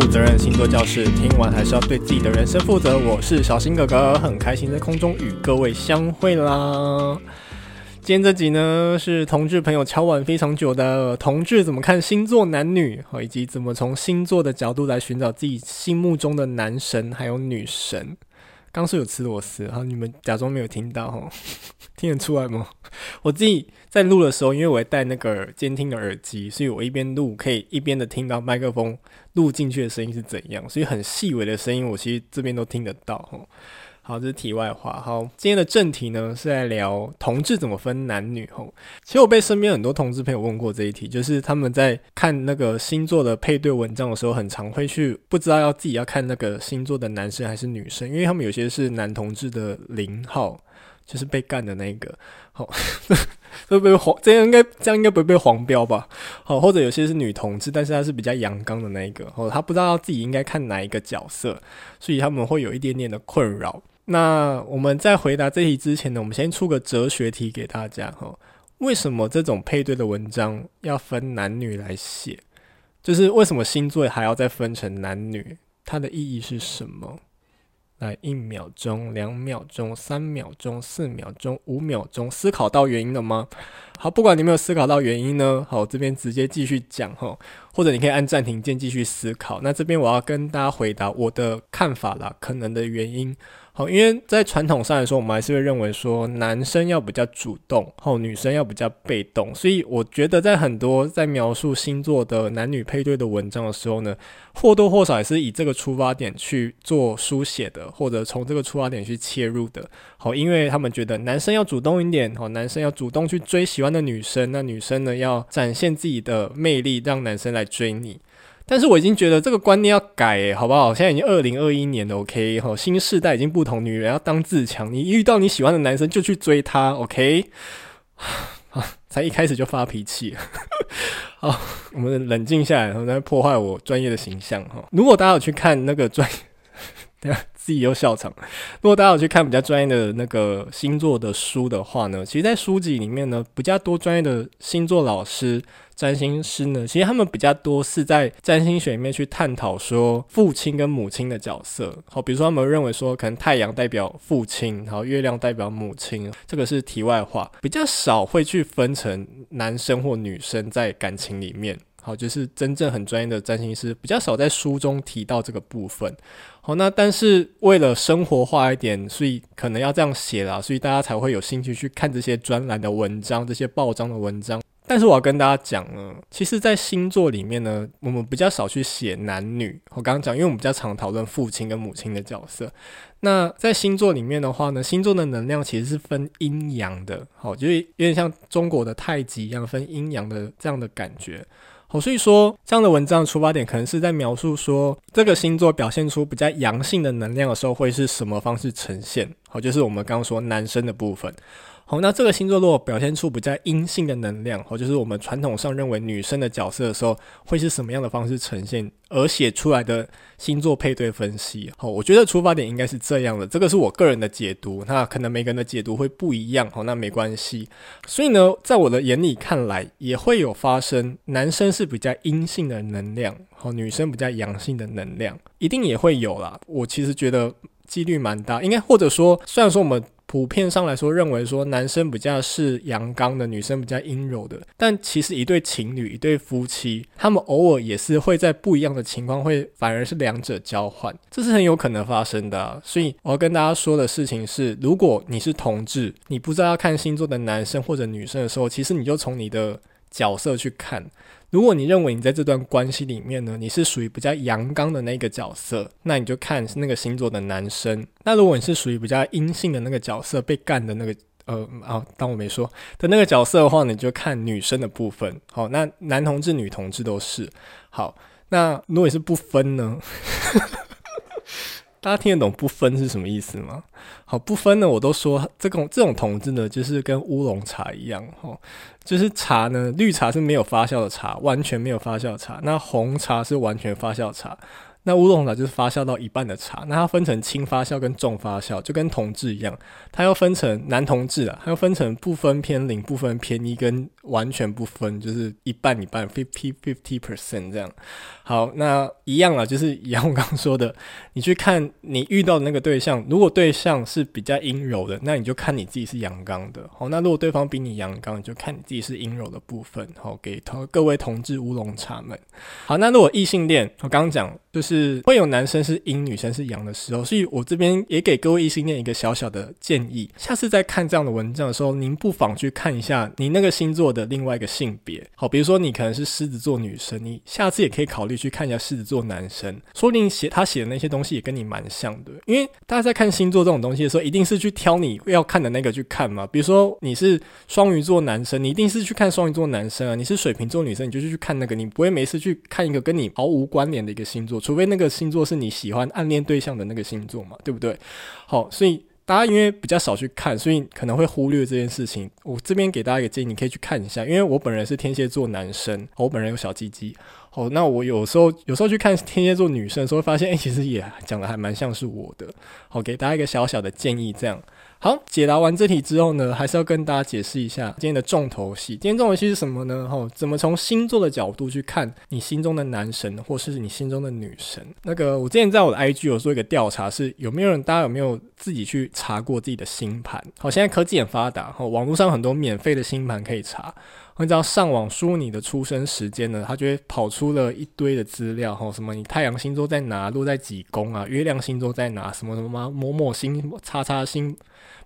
負責任星座教室，聽完還是要對自己的人生負責。我是小新哥哥，很開心在空中與各位相會啦。今天這集呢，是同志朋友敲碗非常久的同志，怎麼看星座男女，好，以及怎麼從星座的角度來尋找自己心目中的男神還有女神。剛說有吃螺絲，然後你們假裝沒有聽到，聽得出來嗎？我自己在錄的時候，因為我戴那個監聽的耳機，所以我一邊錄可以一邊的聽到麥克風錄進去的聲音是怎樣，所以很細微的聲音，我其實這邊都聽得到，哈。好，這是題外話。好，今天的正題呢，是在聊同志怎麼分男女。吼，其實我被身邊很多同志朋友問過這一題，就是他們在看那個星座的配對文章的時候，很常會去不知道要自己要看那個星座的男生還是女生，因為他們有些是男同志的零號，就是被幹的那個。好，會被黃？這樣應該這樣應該不會被黃標吧？好，或者有些是女同志，但是他是比較陽剛的那一個，哦，他不知道自己應該看哪一個角色，所以他們會有一點點的困擾。那我們在回答這題之前呢，我們先出個哲學題給大家哈。為什麼這種配對的文章要分男女來寫？就是為什麼星座還要再分成男女？它的意義是什麼？來，一秒鐘、兩秒鐘、三秒鐘、四秒鐘、五秒鐘，思考到原因了嗎？好，不管你沒有思考到原因呢，好，這邊直接繼續講哈，或者你可以按暫停鍵繼續思考。那這邊我要跟大家回答我的看法啦，可能的原因。好，因為在傳統上來說，我們還是會認為說男生要比較主動，哦，女生要比較被動，所以我覺得在很多在描述星座的男女配對的文章的時候呢，或多或少也是以這個出發點去做書寫的，或者從這個出發點去切入的。好、哦，因為他們覺得男生要主動一點，好、哦，男生要主動去追喜歡的女生，那女生呢，要展現自己的魅力，讓男生來追你。但是我已經覺得這個觀念要改，好不好？現在已經二零二一年了，OK 哈、哦，新時代已經不同，女人要當自強。你遇到你喜歡的男生就去追他，OK？啊，才一開始就發脾氣了， 好，我們冷靜下來，然後再破壞我專業的形象哈、哦。如果大家有去看那個專，對。自己又笑場。如果大家有去看比較專業的那個星座的書的話呢，其實，在書籍裡面呢，比較多專業的星座老師、占星師呢，其實他們比較多是在占星學裡面去探討說父親跟母親的角色。好，比如說他們認為說，可能太陽代表父親，然後月亮代表母親。這個是題外話，比較少會去分成男生或女生在感情裡面。好，就是真正很專業的占星師，比較少在書中提到這個部分。好、哦，那但是為了生活化一點，所以可能要這樣寫啦。所以大家才會有興趣去看這些專欄的文章，這些報章的文章。但是我要跟大家講呢，其實，在星座裡面呢，我們比較少去寫男女。我、哦、剛剛講，因為我們比較常討論父親跟母親的角色。那在星座裡面的話呢，星座的能量其實是分陰陽的，好、哦，就是有點像中國的太極一樣，分陰陽的這樣的感覺。好，所以說：“這樣的文章的出發點可能是在描述說，這個星座表現出比較陽性的能量的時候，會是什麼方式呈現？好，就是我們剛剛說男生的部分。”好，那這個星座如果表現出比較陰性的能量，好，就是我們傳統上認為女生的角色的時候，會是什麼樣的方式呈現？而寫出來的星座配對分析，好，我覺得出發點應該是這樣的。這個是我個人的解讀，那可能每個人的解讀會不一樣，好，那沒關係。所以呢，在我的眼裡看來，也會有發生。男生是比較陰性的能量，好，女生比較陽性的能量，一定也會有啦。我其實覺得幾率蠻大，應該或者說，雖然說我們。普遍上來說，認為說男生比較是陽剛的，女生比較陰柔的。但其實一對情侶、一對夫妻，他們偶爾也是會在不一樣的情況，會反而是兩者交換，這是很有可能發生的啊。所以我要跟大家說的事情是，如果你是同志，你不知道要看星座的男生或者女生的時候，其實你就從你的。角色去看，如果你認為你在這段關係裡面呢，你是屬於比較陽剛的那個角色，那你就看那個星座的男生；那如果你是屬於比較陰性的那個角色，被幹的那個呃啊，當我沒說的那個角色的話，你就看女生的部分。好，那男同志、女同志都是好。那如果你是不分呢？ 大家聽得懂不分是什麼意思嗎？好，不分呢，我都說這種這種同志呢，就是跟烏龍茶一樣哈，就是茶呢，綠茶是沒有發酵的茶，完全沒有發酵茶，那紅茶是完全發酵茶。那烏龍茶就是發酵到一半的茶，那它分成輕發酵跟重發酵，就跟同志一樣，它要分成男同志啦，它要分成不分偏零、不分偏一跟完全不分，就是一半一半 fifty fifty percent 這樣。好，那一樣啦，就是一樣我剛剛說的，你去看你遇到的那個對象，如果對象是比較陰柔的，那你就看你自己是陽剛的，好，那如果對方比你陽剛，你就看你自己是陰柔的部分，好，給同，各位同志烏龍茶們。好，那如果異性戀，我剛剛講就是。是會有男生是陰，女生是陽的時候，所以我這邊也給各位異性戀一個小小的建議：下次再看這樣的文章的時候，您不妨去看一下你那個星座的另外一個性別。好，比如說你可能是獅子座女生，你下次也可以考慮去看一下獅子座男生，說不定寫他寫的那些東西也跟你蠻像的。因為大家在看星座這種東西的時候，一定是去挑你要看的那個去看嘛。比如說你是雙魚座男生，你一定是去看雙魚座男生啊。你是水瓶座女生，你就去去看那個，你不會沒事去看一個跟你毫無關聯的一個星座，因為那個星座是你喜歡暗戀對象的那個星座嘛，對不對？好，所以大家因為比較少去看，所以可能會忽略這件事情。我這邊給大家一個建議，你可以去看一下。因為我本人是天蠍座男生，我本人有小雞雞。好，那我有時候有時候去看天蠍座女生的時候，發現，欸，其實也講得還蠻像是我的。好，給大家一個小小的建議，這樣。好，解答完這題之後呢，還是要跟大家解釋一下今天的重頭戲。今天重頭戲是什麼呢？吼，怎麼從星座的角度去看你心中的男神或是你心中的女神？那個，我之前在我的 IG 有做一個調查，是有沒有人？大家有沒有自己去查過自己的星盤？好，現在科技很發達，吼，網絡上很多免費的星盤可以查。你知道上網輸入你的出生時間呢，他就會跑出了一堆的資料，吼，什麼你太陽星座在哪，落在幾宮啊？月亮星座在哪？什麼什麼嗎、啊？某某星，叉叉星。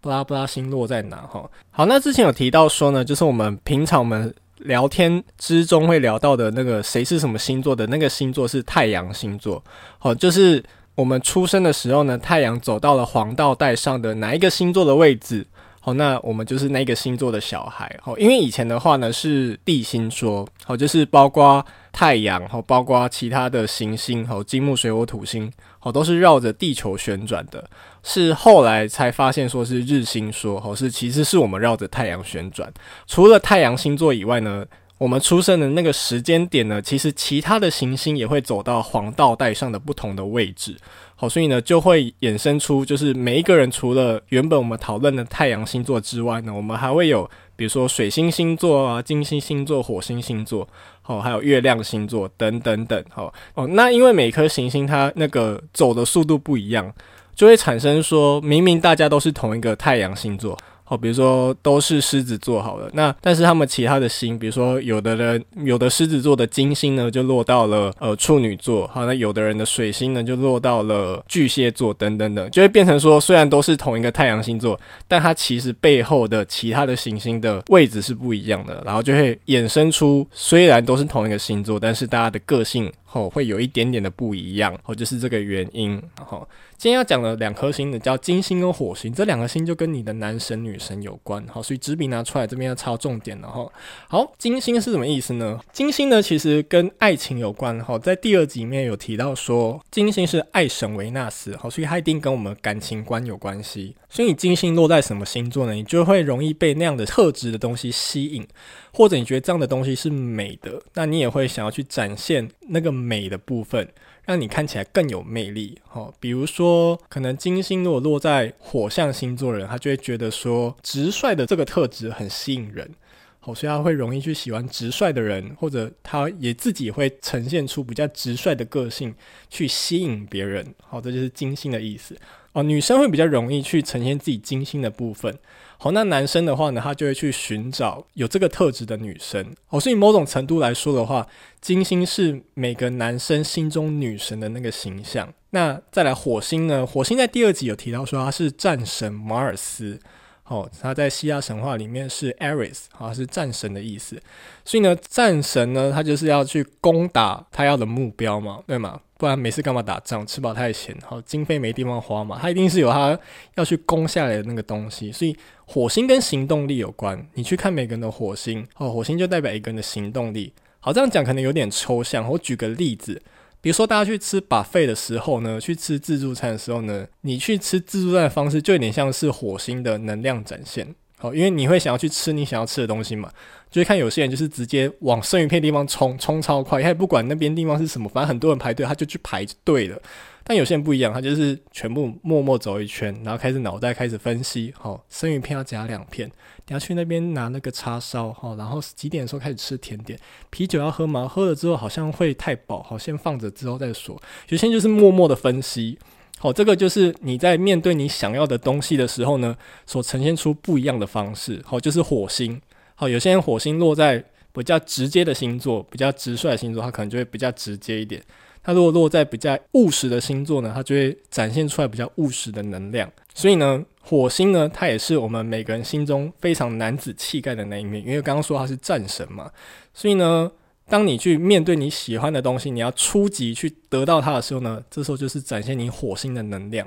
布拉布拉，Blah、星落在哪？哈，好，那之前有提到說呢，就是我們平常我們聊天之中會聊到的那個誰是什麼星座的，那個星座是太陽星座。好，就是我們出生的時候呢，太陽走到了黃道帶上的哪一個星座的位置。好，那我們就是那個星座的小孩。好，因為以前的話呢是地心說。好，就是包括。太陽和、哦、包括其他的行星和、哦、金木水火土星，好、哦、都是繞着地球旋轉的。是後來才發現說是日心說，好、哦、是其實是我們繞着太陽旋轉。除了太陽星座以外呢，我們出生的那個時間點呢，其實其他的行星也會走到黃道帶上的不同的位置。好、哦，所以呢就會衍生出就是每一個人除了原本我們討論的太陽星座之外呢，我們還會有比如說水星星座啊、金星星座、火星星座。哦，還有月亮星座等等等，哦，哦，那因為每顆行星它那個走的速度不一樣，就會產生說明明大家都是同一個太陽星座。哦，比如說都是獅子座好了，那但是他們其他的星，比如說有的人有的獅子座的金星呢，就落到了呃處女座，好，那有的人的水星呢就落到了巨蟹座，等等等，就會變成說，雖然都是同一個太陽星座，但它其實背後的其他的行星的位置是不一樣的，然後就會衍生出雖然都是同一個星座，但是大家的個性。哦，會有一點點的不一樣，哦，就是這個原因。然後今天要講的兩顆星的叫金星跟火星，這兩顆星就跟你的男神女神有關。好，所以紙筆拿出來，這邊要抄重點。然後，好，金星是什麼意思呢？金星呢，其實跟愛情有關。哈，在第二集裡面有提到說，金星是愛神維納斯。好，所以它一定跟我們感情觀有關係。所以你金星落在什麼星座呢？你就會容易被那樣的特質的東西吸引，或者你覺得這樣的東西是美的，那你也會想要去展現那個美的部分，讓你看起來更有魅力。好、哦，比如說，可能金星如果落在火象星座的人，他就會覺得說直率的這個特質很吸引人，好、哦，所以他會容易去喜歡直率的人，或者他也自己會呈現出比較直率的個性去吸引別人。好、哦，這就是金星的意思。哦，女生會比較容易去呈現自己金星的部分。好，那男生的話呢，他就會去尋找有這個特質的女生。哦，所以某種程度來說的話，金星是每個男生心中女神的那個形象。那再來火星呢？火星在第二集有提到說他是戰神馬爾斯。哦，他在希臘神話裡面是艾瑞斯，好像是戰神的意思。所以呢，戰神呢，他就是要去攻打他要的目標嘛，對嗎？不然沒事幹嘛打仗？吃飽太閒，好，經費沒地方花嘛。他一定是有他要去攻下來的那個東西，所以火星跟行動力有關。你去看每個人的火星，哦，火星就代表一個人的行動力。好，這樣講可能有點抽象。我舉個例子，比如說大家去吃 buffet 的時候呢，去吃自助餐的時候呢，你去吃自助餐的方式就有點像是火星的能量展現。哦，因為你會想要去吃你想要吃的東西嘛，就會、是、看有些人就是直接往生魚片的地方衝，衝超快，他也不管那邊地方是什麼，反正很多人排隊，他就去排隊了。但有些人不一樣，他就是全部默默走一圈，然後開始腦袋開始分析。好、喔，生魚片要夾兩片，等下去那邊拿那個叉燒。好、喔，然後幾點的時候開始吃甜點？啤酒要喝嗎？喝了之後好像會太飽，好，先放着，之後再說。有些人就是默默的分析。好，這個就是你在面對你想要的東西的時候呢，所呈現出不一樣的方式。好，就是火星。好，有些人火星落在比較直接的星座，比較直率的星座，他可能就會比較直接一點。他如果落在比較務實的星座呢，他就會展現出來比較務實的能量。所以呢，火星呢，它也是我們每個人心中非常男子氣概的那一面，因為剛剛說他是戰神嘛。所以呢。當你去面對你喜歡的東西，你要初級去得到它的時候呢，這時候就是展現你火星的能量。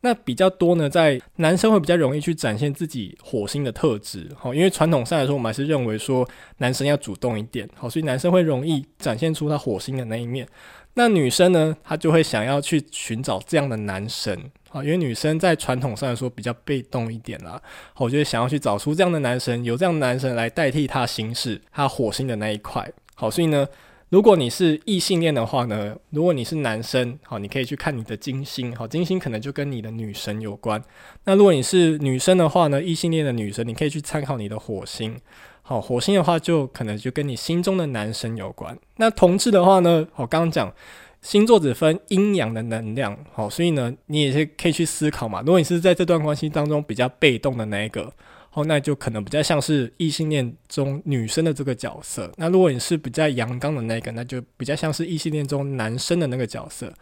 那比較多呢，在男生會比較容易去展現自己火星的特質，好，因為傳統上來說，我們還是認為說男生要主動一點，好，所以男生會容易展現出他火星的那一面。那女生呢，她就會想要去尋找這樣的男神，啊，因為女生在傳統上來說比較被動一點啦，好，就會想要去找出這樣的男神，有這樣的男神來代替他行事，他火星的那一塊。好，所以呢，如果你是異性戀的話呢，如果你是男生，好，你可以去看你的金星，好，金星可能就跟你的女神有關。那如果你是女生的話呢，異性戀的女生，你可以去參考你的火星，好，火星的話就可能就跟你心中的男神有關。那同志的話呢，好，剛剛講星座只分陰陽的能量，好，所以呢，你也是可以去思考嘛。如果你是在這段關係當中比較被動的那一個。好，哦，那就可能比較像是異性戀中女生的這個角色。那如果你是比較陽剛的那個，那就比較像是異性戀中男生的那個角色。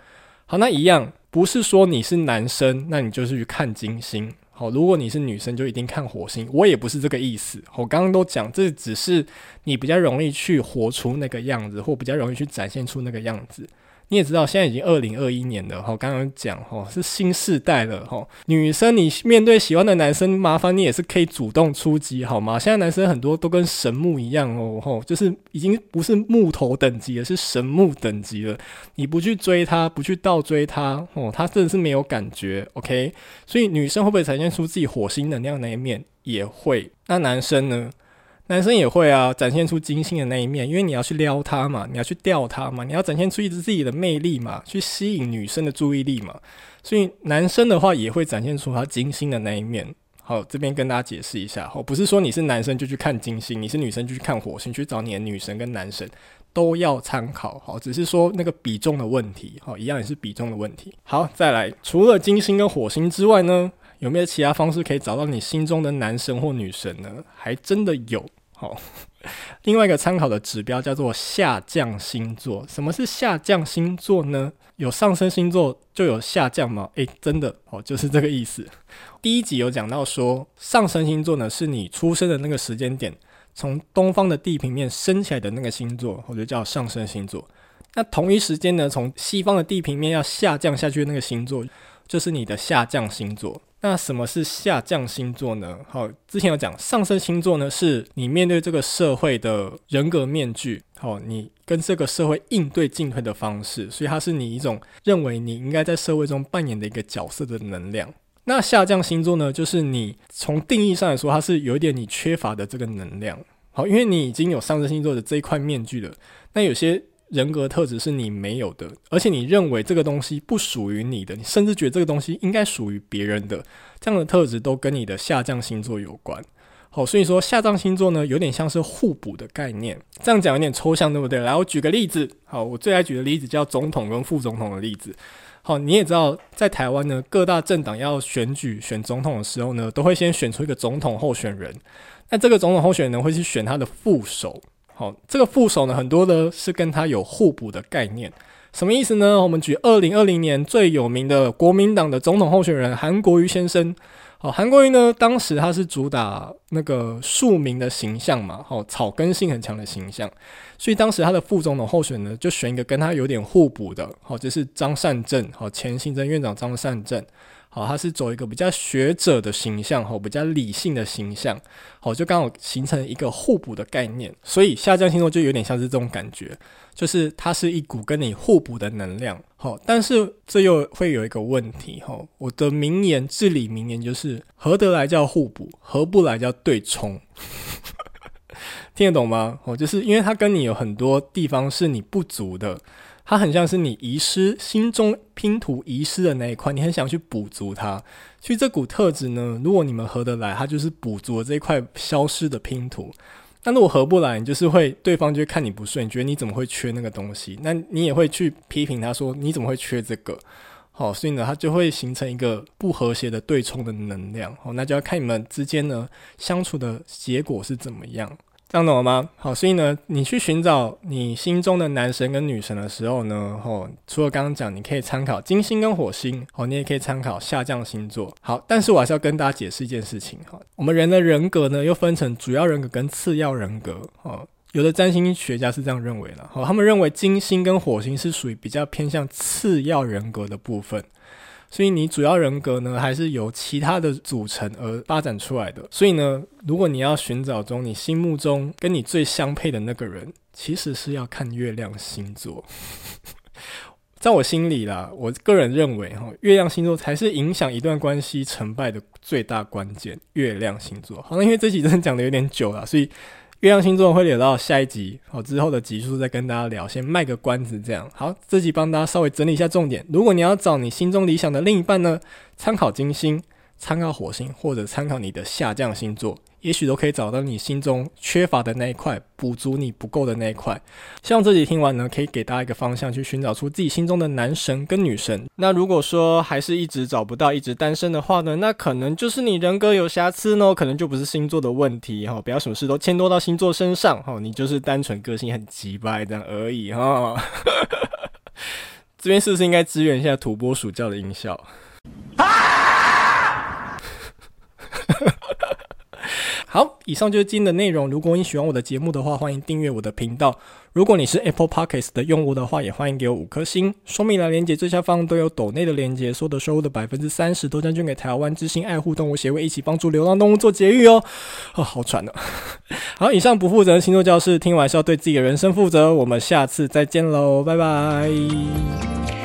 好，那一樣不是說你是男生，那你就是去看金星。好，如果你是女生，就一定看火星。我也不是這個意思。我剛剛都講，這只是你比較容易去活出那個樣子，或比較容易去展現出那個樣子。你也知道，現在已經二零二一年了吼，剛剛講吼，是新世代了吼，女生，你面對喜歡的男生，麻煩你也是可以主動出擊，好嗎？現在男生很多都跟神木一樣哦，吼，就是已經不是木頭等級了，是神木等級了。你不去追他，不去倒追他，哦，他真的是沒有感覺。OK，所以女生會不會展現出自己火星能量那一面？也會。那男生呢？男生也會啊，展現出金星的那一面，因為你要去撩他嘛，你要去吊他嘛，你要展現出一只自己的魅力嘛，去吸引女生的注意力嘛。所以男生的話，也會展現出他金星的那一面。好，這邊跟大家解釋一下，哦，不是說你是男生就去看金星，你是女生就去看火星，去找你的女神跟男神都要參考。好，只是說那個比重的問題。好，一樣也是比重的問題。好，再來，除了金星跟火星之外呢，有沒有其他方式可以找到你心中的男神或女神呢？還真的有。好，另外一個參考的指標叫做下降星座。什麼是下降星座呢？有上升星座就有下降嗎？誒，真的哦，就是這個意思。第一集有講到說，上升星座呢是你出生的那個時間點，從東方的地平面升起來的那個星座，或者叫上升星座。那同一時間呢，從西方的地平面要下降下去的那個星座，就是你的下降星座。那什麼是下降星座呢？好，之前有講上升星座呢，是你面對這個社會的人格面具，好，你跟這個社會應對進退的方式，所以它是你一種認為你應該在社會中扮演的一個角色的能量。那下降星座呢，就是你從定義上來說，它是有一點你缺乏的這個能量，好，因為你已經有上升星座的這一塊面具了，那有些人格特質是你沒有的，而且你認為這個東西不屬於你的，你甚至覺得這個東西應該屬於別人的，這樣的特質都跟你的下降星座有關。好，所以說下降星座呢，有點像是互補的概念。這樣講有點抽象，對不對？來，我舉個例子。好，我最愛舉的例子叫總統跟副總統的例子。好，你也知道，在台灣呢，各大政黨要選舉選總統的時候呢，都會先選出一個總統候選人，那這個總統候選人會去選他的副手。好，這個副手呢，很多呢是跟他有互補的概念，什麼意思呢？我們舉二零二零年最有名的國民黨的總統候選人韓國瑜先生。好，韓國瑜呢，當時他是主打那個庶民的形象嘛，好，草根性很強的形象，所以當時他的副總統候選人呢，就選一個跟他有點互補的，好，就是張善政，好，前行政院長張善政。好，他是走一個比較學者的形象，吼，比較理性的形象，好，就剛好形成一個互補的概念，所以下降星座就有點像是這種感覺，就是它是一股跟你互補的能量，好，但是這又會有一個問題，吼，我的名言，至理名言就是合得來叫互補，合不來叫對沖， 聽得懂嗎？吼，就是因為它跟你有很多地方是你不足的。它很像是你遺失心中拼圖遺失的那一塊，你很想去補足它。所以這股特質呢，如果你們合得來，它就是補足了這一塊消失的拼圖。但如果合不來，你就是會對方就會看你不順，你覺得你怎麼會缺那個東西？那你也會去批評他說，你怎麼會缺這個。好，所以呢，它就會形成一個不和諧的對沖的能量。好，那就要看你們之間呢，相處的結果是怎麼樣。這樣懂了嗎？好，所以呢，你去尋找你心中的男神跟女神的時候呢，哦，除了剛剛講，你可以參考金星跟火星，哦，你也可以參考下降星座。好，但是我還是要跟大家解釋一件事情哈，我們人的人格呢，又分成主要人格跟次要人格哦。有的占星學家是這樣認為的哦，他們認為金星跟火星是屬於比較偏向次要人格的部分。所以你主要人格呢，還是由其他的組成而發展出來的。所以呢，如果你要尋找中你心目中跟你最相配的那個人，其實是要看月亮星座。 在我心裡啦，我個人認為哈、哦，月亮星座才是影響一段關係成敗的最大關鍵。月亮星座。好、啊、了，因為這集真的講得有點久了，所以。月亮星座會留到下一集，好之後的集數再跟大家聊，先賣個關子這樣。好，這集幫大家稍微整理一下重點。如果你要找你心中理想的另一半呢，參考金星。參考火星，或者參考你的下降星座，也許都可以找到你心中缺乏的那一塊，補足你不夠的那一塊。希望自己聽完呢，可以給大家一個方向，去尋找出自己心中的男神跟女神。那如果說還是一直找不到，一直單身的話呢，那可能就是你人格有瑕疵呢，可能就不是星座的問題哦。不要什麼事都牽拖到星座身上哦，你就是單純個性很機掰這樣而已哈。哦、 這邊是不是應該支援一下土撥鼠叫的音效？啊好，以上就是今天的內容。如果你喜歡我的節目的話，歡迎訂閱我的頻道。如果你是 Apple Podcasts 的用戶的話，也歡迎給我五顆星。說明欄連結最下方都有斗內的連結，所得收入的百分之三十都將捐給台灣之心愛護動物協會，一起幫助流浪動物做節育哦。哦，好喘呢、啊。 好，以上不負責的星座教室，聽完是要對自己的人生負責。我們下次再見嘍，拜拜。